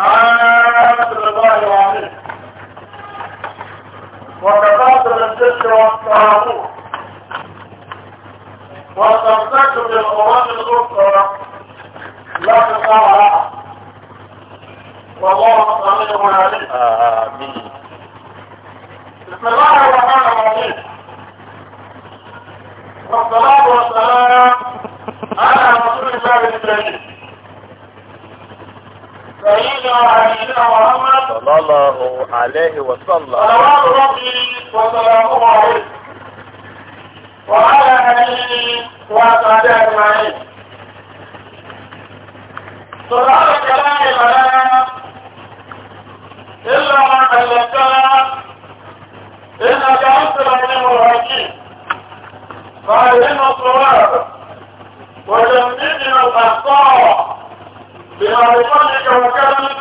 عاصر الله عليه وتفاصل الشرك والطاغوت وتمسك بالقرآن الأخرى لا تقطع لها والله سميع عليم آمين بسم الله الرحمن الرحيم والصلاة والسلام على رسول الله الكريم صلى الله عليه وسلم صلوات ربي وسلامه عليه وعلى آله وصحبه أجمعين سرعان الكلام لنا إلا ما علمتنا إنك أنت العليم الحكيم فعلمنا الصواب وجنبنا الأخطاء بمعرفتك وكرمك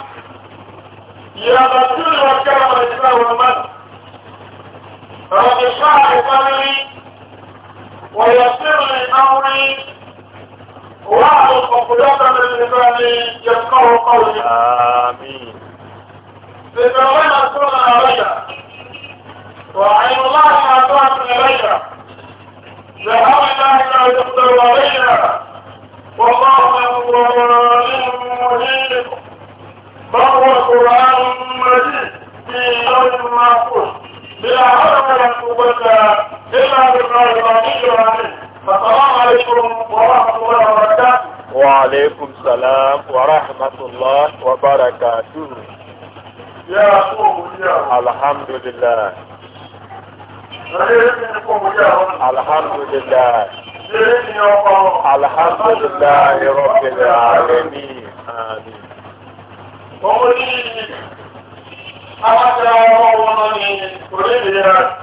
يا بطل وكرم الإسلام والمن رب اشرح لي صدري ويسر لي أمري واعبد عقدة من لساني يفقه قولي آمين لتولى السنة علي وعين الله ما تعصي إلي ذهب الله لا يقدر علي والله لا يقدر وعليكم السلام ورحمة الله وبركاته يا قوم يا الحمد لله الحمد لله الحمد لله رب العالمين آمين Ọmọdé ni, a máa jẹ́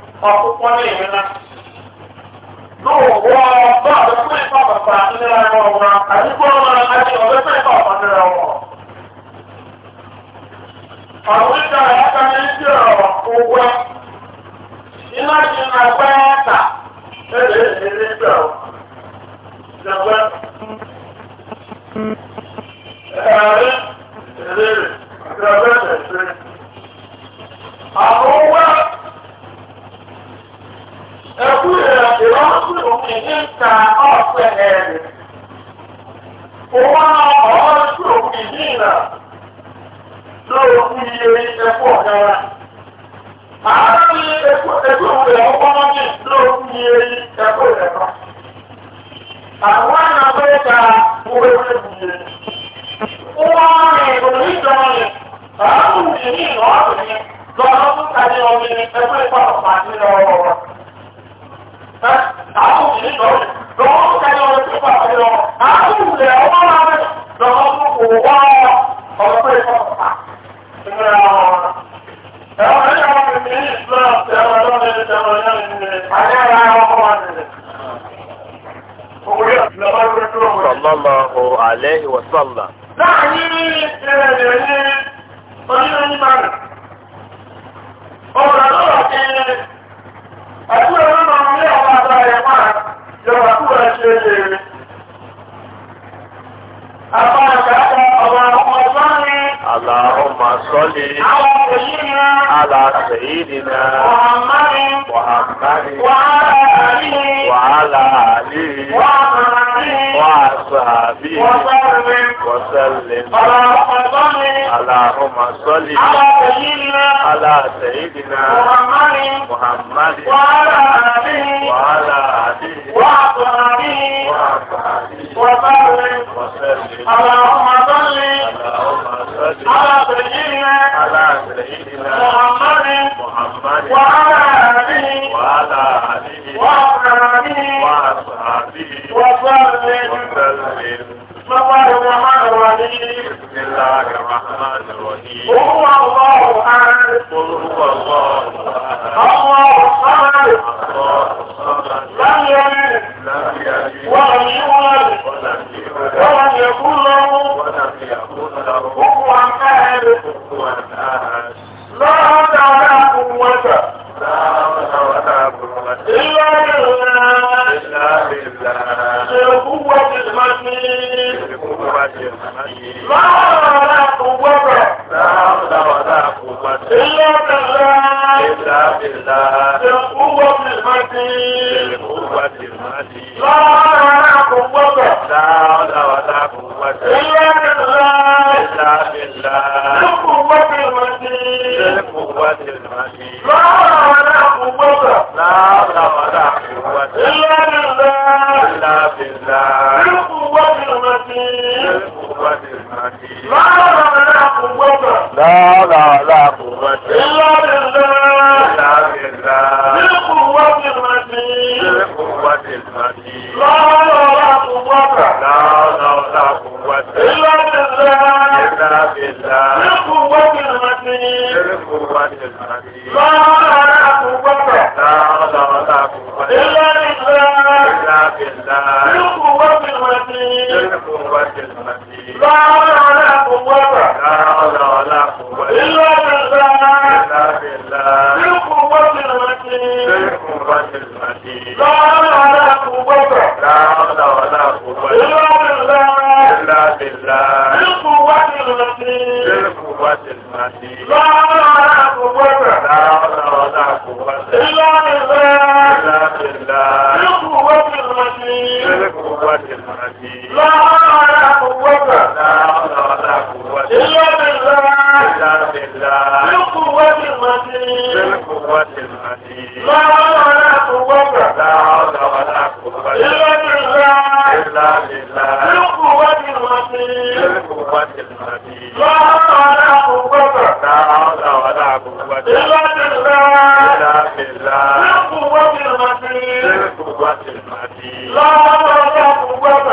ọ̀pọ̀pọ̀ ní ìwé náà. Lóòwò ọgbọ́n àbẹ̀fẹ́ ìfọ̀pọ̀pọ̀ àti nílá ẹ̀rọ wọn, àdúgbò wọn àti ọ̀bẹ̀fẹ́ ìfọ̀pọ̀ nílá wọn. Àwọn ìjà ìyáta ní ìdí ọ̀rọ̀ ogún. Iná ti na gbẹ́ ẹ̀ta, ẹ̀rẹ̀ ìdílé ìjọ. Ìjọba. وسلم اللهم صل على سيدنا سيدنا، محمد محمد، وعلى آله وعلى آله وأصحابه وسلم اللهم صل على سيدنا سيدنا، محمد وعلى آله وعلى آله وأصحابه وسلم وسلم فقال الرحمن الرحيم بسم الله الرحمن الرحيم قل هو الله احد قل هو الله احد الله الصمد لم يلد ولم يولد ولم يكن له كفوا احد لا حول ولا قوه إلا بالله بالقوة المتين ما لا قوة إلا بالله بالقوة المتين ما لا قوة إلا بالله بالقوة المتين ما ولا قوة لا حول ولا قوة إلا بالله إلا بالله بالقوة المتين بالقوة المتين لا حول ولا قوة لا حول ولا قوة إلا بالله إلا بالله بالقوة المتين بالقوة المتين لا حول ولا قوة لا حول ولا قوة إلا بالله إلا بالله بالقوة المتين بالقوة المتين لا حول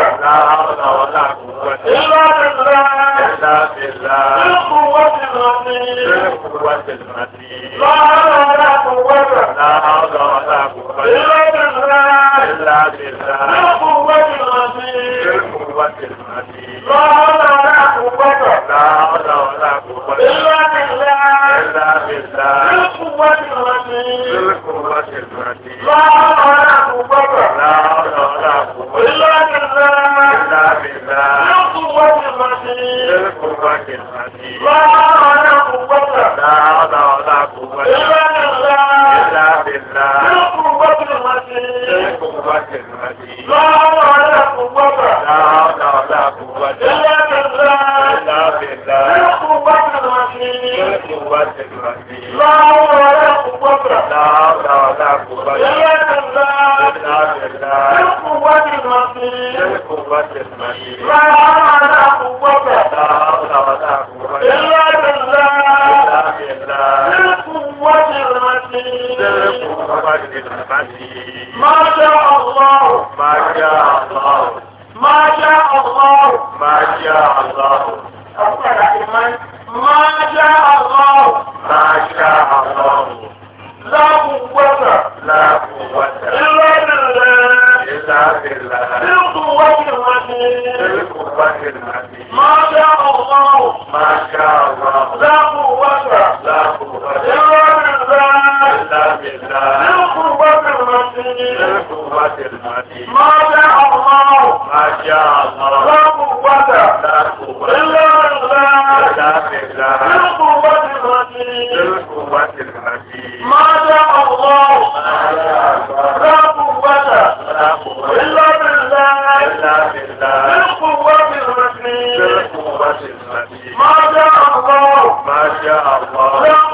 بالقوة المتين ما شاء الله بالله بالله بالقوة المتين ما شاء الله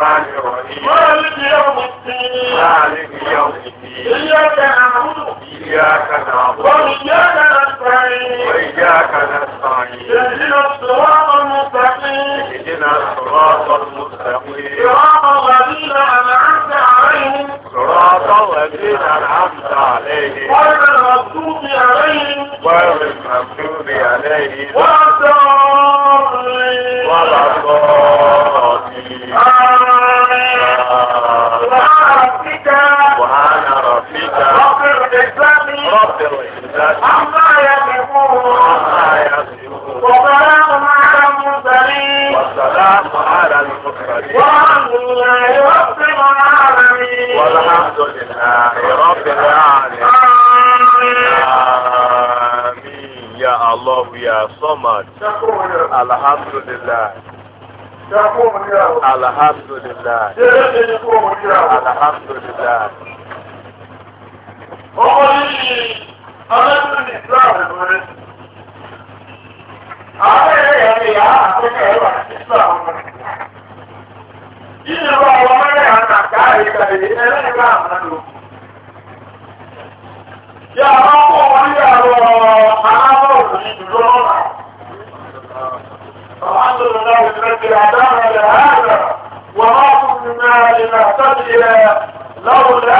الرحمن الرحيم مالك يوم الدين مالك يوم الدين إياك نعبد إياك نعبد وإياك نستعين وإياك نستعين اهدنا الصراط المستقيم اهدنا الصراط المستقيم صراط الذين أنعمت عليهم صراط الذين أنعمت عليهم غير المغضوب عليهم غير المغضوب عليهم ولا الضالين ولا الضالين alhamdulillah alhamdulillah alhamdulillah. ọmọ yìí ọlọ́dún ní islam rẹ̀ àwọn ẹ̀rẹ́ yẹn yà á àtọ́kẹ́ ẹ̀rọ àti islam rẹ̀. yíyan bá wọn mẹ́rin àti àkáàrí kàlẹ́ ẹ̀rẹ́ bá الحمد لله الذي هدانا لهذا وما كنا لنهتدي لولا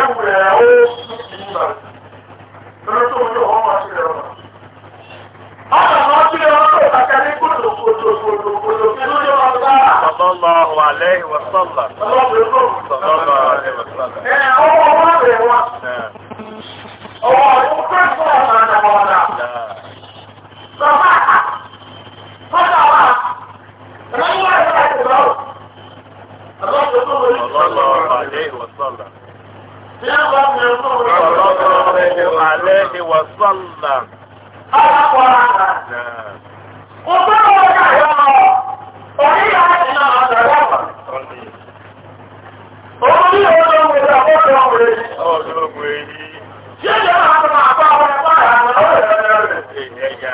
صلى الله عليه وسلم صلى الله عليه وسلم صلى الله عليه وسلم صلى الله عليه وسلم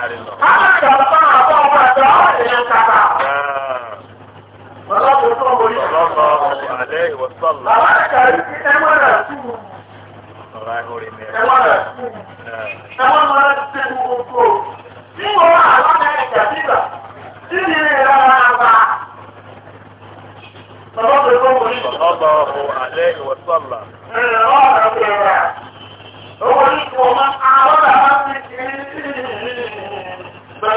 Àwọn ìjọba àbọ̀ ọba àjọ ìyẹn kàkà. Ọlọ́run tó wọlé. Ọlọ́run àlẹ́ ìwọ̀sọ́lá. Àwọn ìkàrí sí ẹwọ́n rẹ̀ sí. Ọ̀rọ̀ àìhórí ni. Ẹwọ́n rẹ̀ sí. Ẹwọ́n máa ń ṣe gbogbo. Bí wọ́n wà lọ́nà ìjà bíbà, tí ni ìlànà àbá? Ọlọ́run tó wọlé. Ọlọ́run àlẹ́ ìwọ̀sọ́lá. Ẹ̀rọ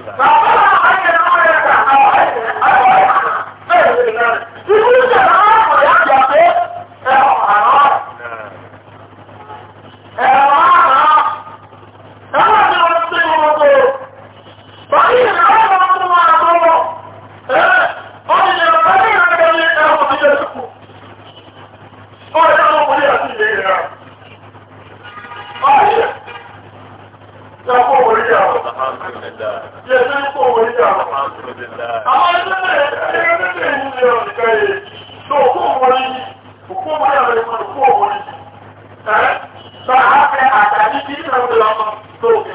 dollars. Yẹ̀sán kò wọ́n yà. Àwọn ẹgbẹ́ rẹ̀ ṣe ẹgbẹ́ rẹ̀ ń lè ọ̀nìkan yìí. Tó kó wọ́n yìí, òkú wọ́n yà rẹ̀ mọ̀ kó wọ́n yìí. Ẹ́ sọ àáfẹ́ àtàdé bí ìlànà ìlànà tó rẹ̀,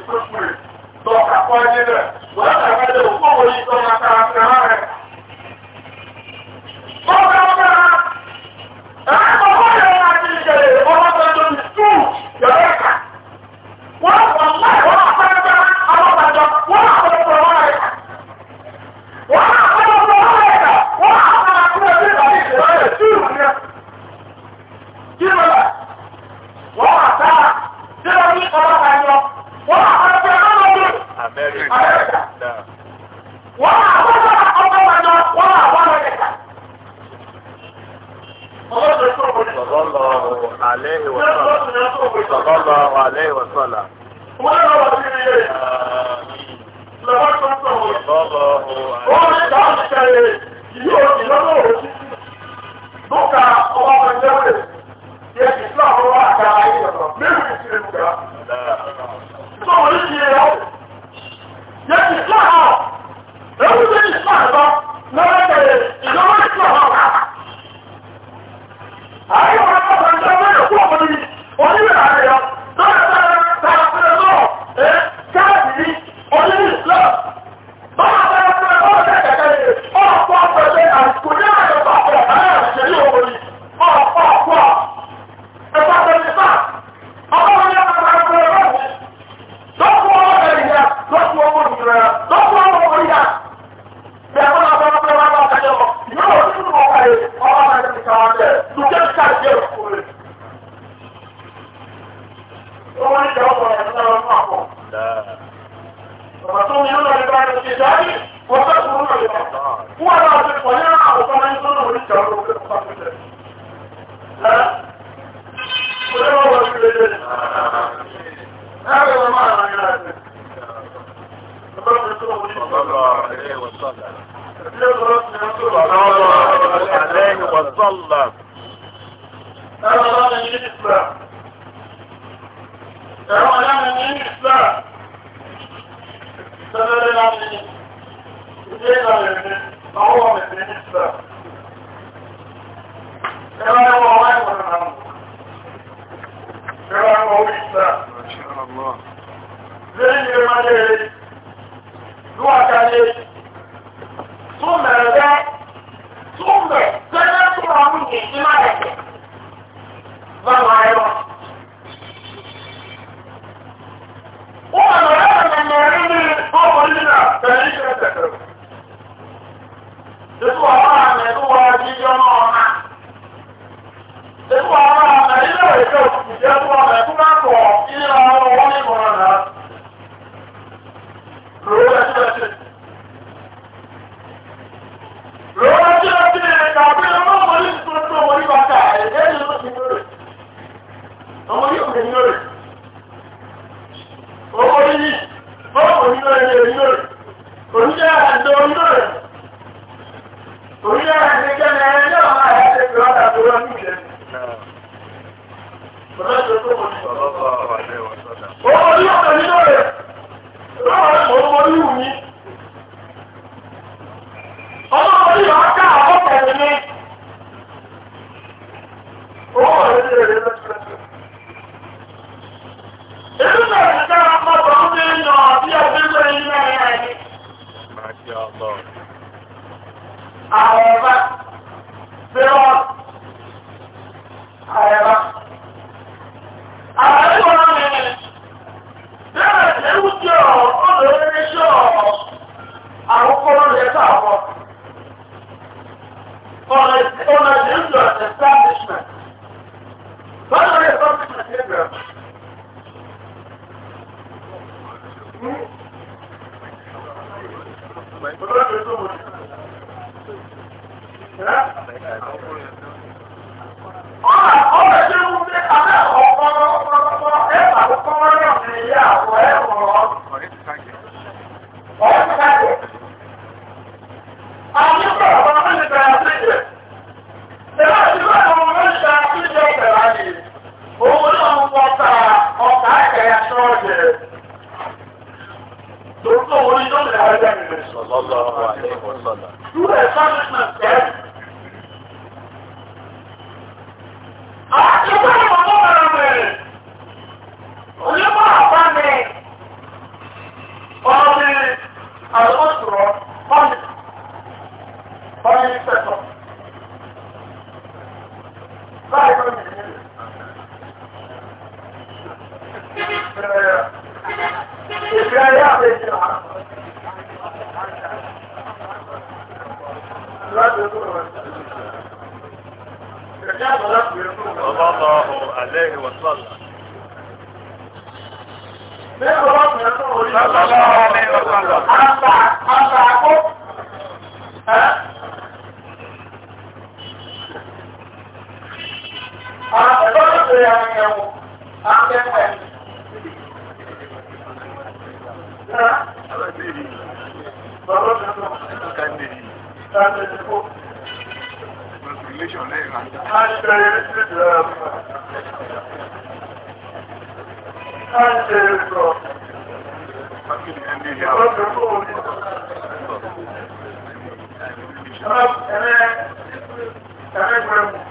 عليه وسلم صلى الله عليه وسلم Dúkà ọmọ ọmọ ìjọba yẹ ìsìláàmù wà àgbà ayé ọ̀sán, mẹ́rin ìsìláàmù gbà. ìgbà pé àwọn èèyàn wò á ń tẹ́pẹ́. Thank you.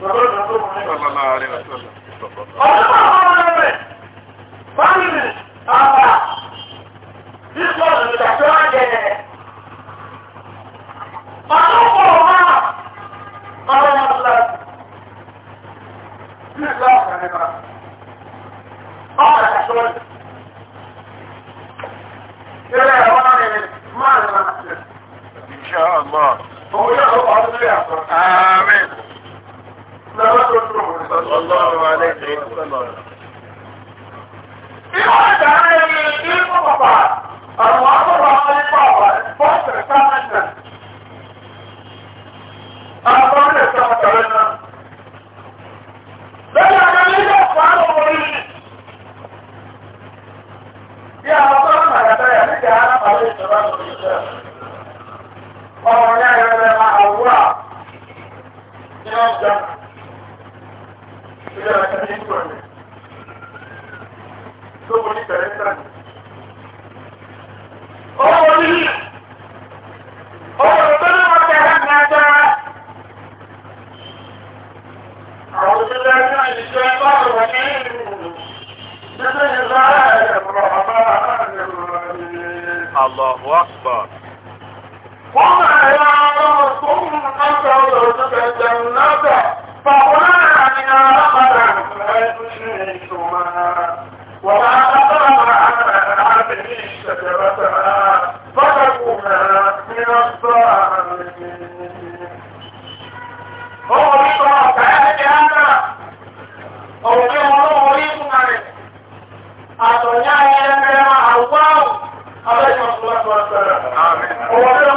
صلى الله عليه وسلم إن شاء الله آمين صلى الله عليه وسلم في هذا العالم الدين فقط الوضع على البابا فصل ثمنا أعطانا ثمنا بل أنا لنا صار مريد يا أعطانا هذا يعني جعلنا عليه الصلاة والسلام وهنا مع الله يوم ìjọba ti ní ìtò ọ̀nà tó mo ní tẹ̀lé tẹ̀lé. Owó orí owó tó ní wọ́n tẹ̀lé ní ajá. Àwọn òṣèlú ẹgbẹ́ ìṣẹ́ ọlọ́run wọ̀ ní Bísí ìlà ẹ̀rọ ọba Allahu Akbar. Wọ́n máa yá ọlọ́run tó ń kọ́kọ́ lọ́dún kẹjẹ náà bẹ̀. Bàbá whatever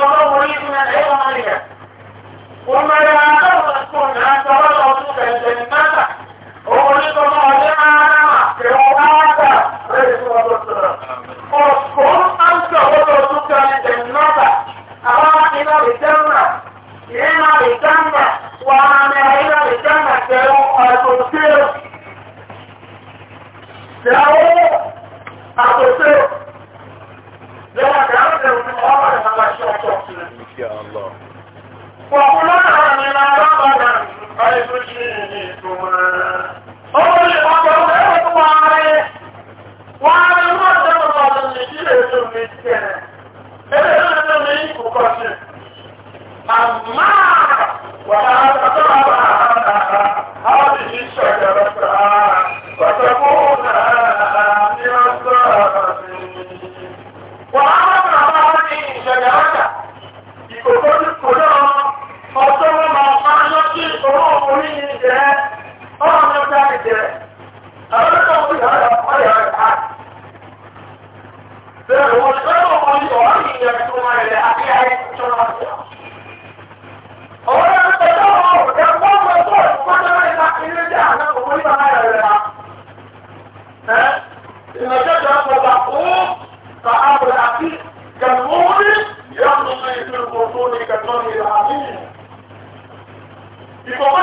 Because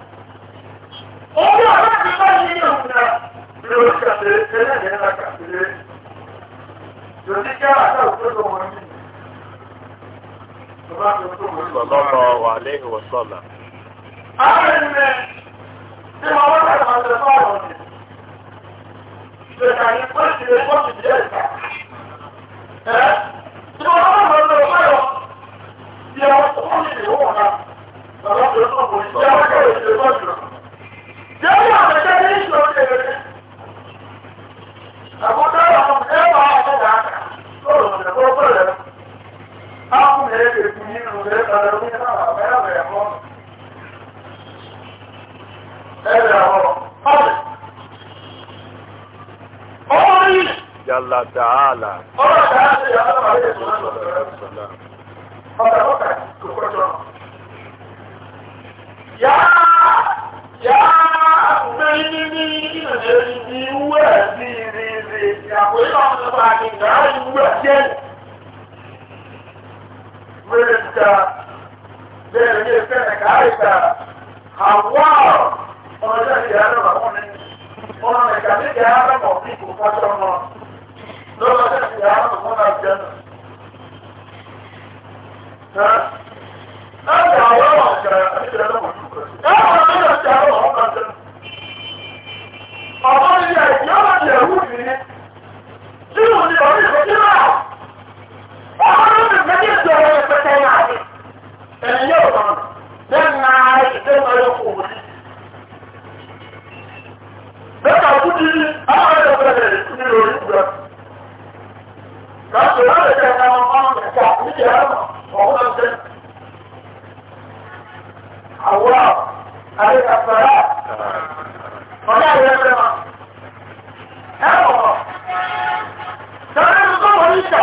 Orí ọ̀rọ̀ ti bá yí ní òun náà, ló ń kàtẹ́ ẹlẹ́yìn náà kàtẹ́. Lòdì jẹ́ àtà òkúrò wọn ní. Sọlọ́mọ wà léhìn wọ̀sọ́là. Àwọn ènìyàn tí wọ́n wọ́n kàtà máa tẹ̀ fáwọn ọ̀dẹ̀. Ìjọba ní الله تعالى يا náà ìwé ẹ̀jẹ̀ wẹ́rẹ́ ta bẹ́ẹ̀ ní ẹ̀fẹ́ ẹ̀ka àìsà àwọ̀ ọ̀rọ̀ ẹ̀jẹ̀ ẹ̀rọ àwọn ọ̀nà ọ̀nà ẹ̀ka méjì ẹ̀rọ mọ̀ bí kò fọ́tọ̀ mọ́ lọ́wọ́ ẹ̀jẹ̀ ẹ̀rọ mọ̀ náà jẹ́ nù. Ẹ̀ka àwọn ọ̀kẹ́ ẹ̀jẹ̀ ẹ̀rọ mọ̀ Ọmọ ìyá ìjọba ìyàwó mi tí ò lè ọdún ìṣẹ́jú náà ọmọ lórí ìgbẹ́jì ìṣòro ìpẹ́tẹ́ ní àdé ẹ̀yìn yóò lọ lẹ́nu náà ìgbẹ́ ìmọ̀lẹ́ kò wọlé. Bẹ́ẹ̀ni àkútí àwọn ọ̀rẹ́ ìgbẹ́lẹ̀ ní orí ìgbẹ́. Kàṣọ̀ wọ́n lè tẹ̀lé àwọn ọmọ mẹ́ta níjẹ̀ ẹ̀rọ ọ̀hún ọ̀sẹ̀. Àwọn àríkàfẹ́rẹ́ ọ̀dọ́ àríkàfẹ́rẹ́ ẹ̀rọ kọ́ríkà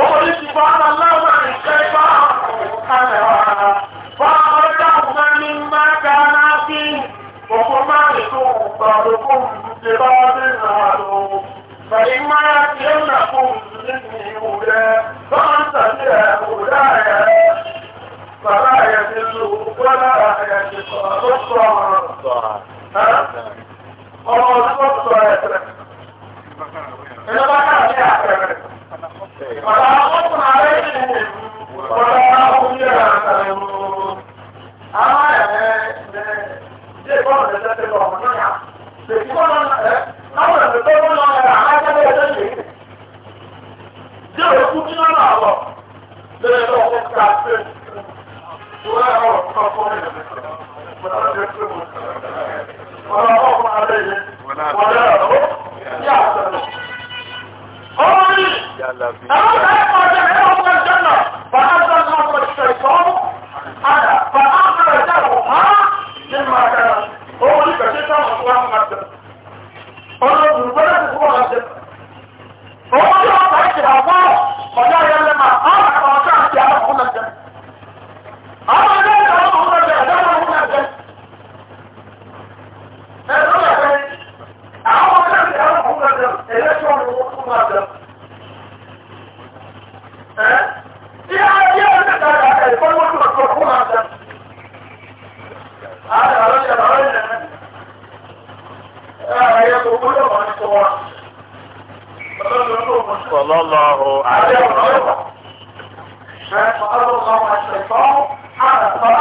ọkùnrin ti bá ara láwọn àìsàn bá àkàrà bá ọjà ọ̀gbọ́n ní máa ga náà sí òkú máa lè tó gbà lóko ìdíje bá dé náà lọ. Bàbá ìmọ̀ ya ti ń nà kó ìdílé ní ìwò rẹ̀ lọ́wọ́ ń tàbí ẹ̀ òwò dáa ẹ̀. Bàbá ẹ̀ ti lu bọ́lá ẹ̀ ti sọ̀rọ̀ ló sọ ọ̀rọ̀. Ọmọ ọdún tó sọ ẹ̀ tẹ̀. Ẹ ولا خوف عليهم ولا هم يحزنون Ọjọ́ ìgbẹ́lẹ̀ fún ọ̀rọ̀ ṣe. Ọmọdé ọ̀pá ìṣẹ̀lẹ̀ àpá صلى الله عليه وسلم. الله الشيطان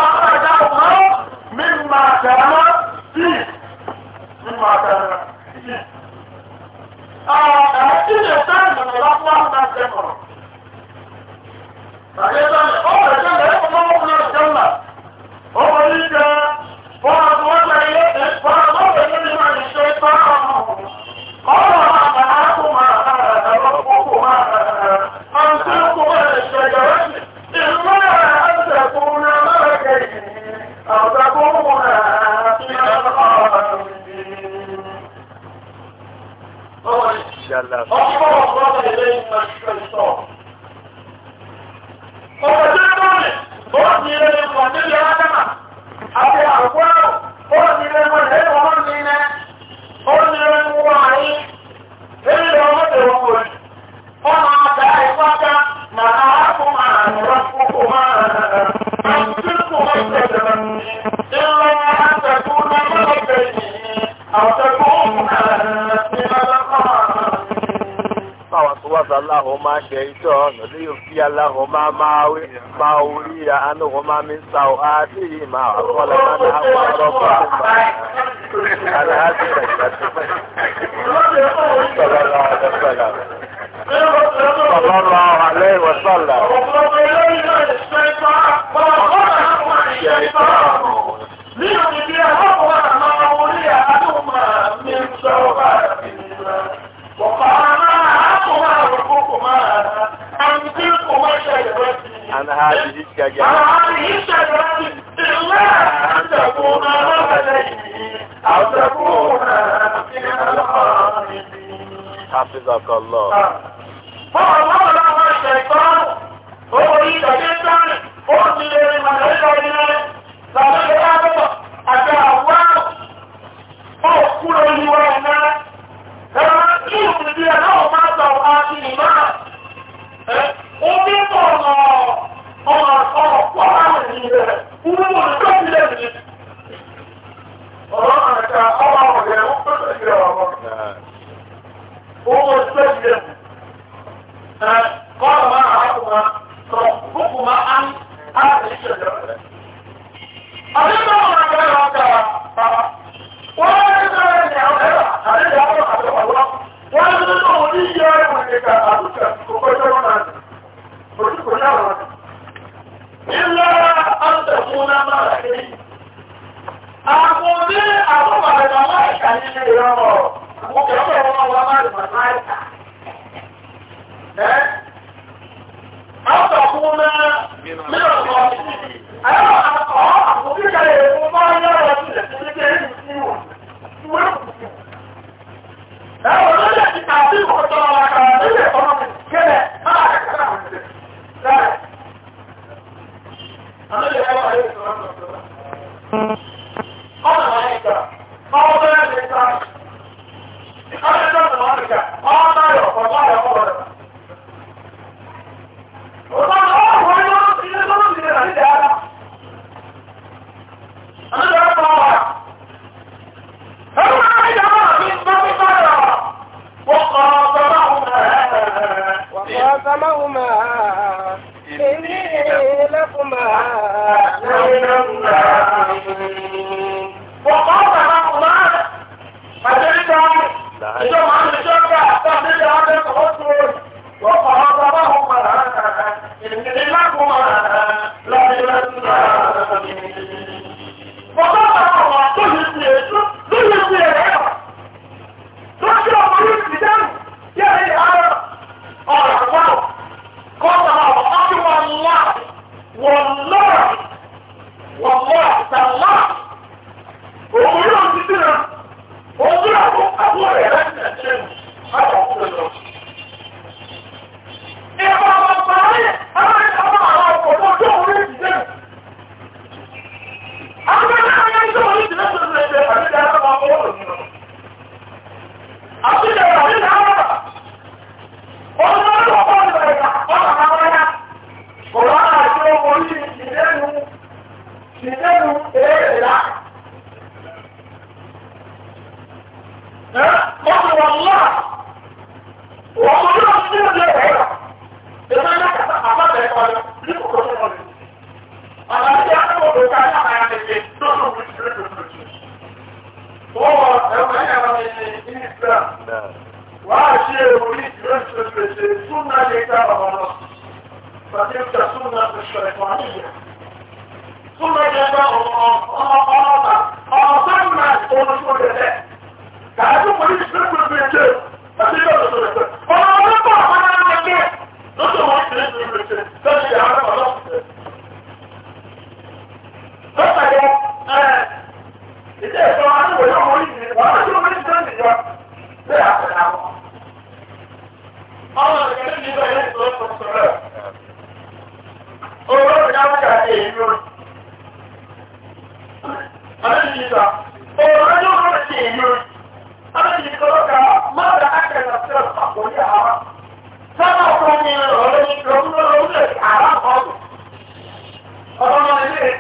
up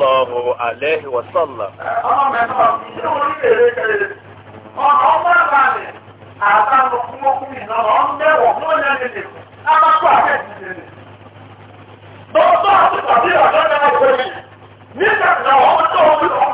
sọ́lọ́lọ́hu àlẹ́hì wọ́sọ́lọ́. Nígbà tí àwọn ọmọ tó ń lọ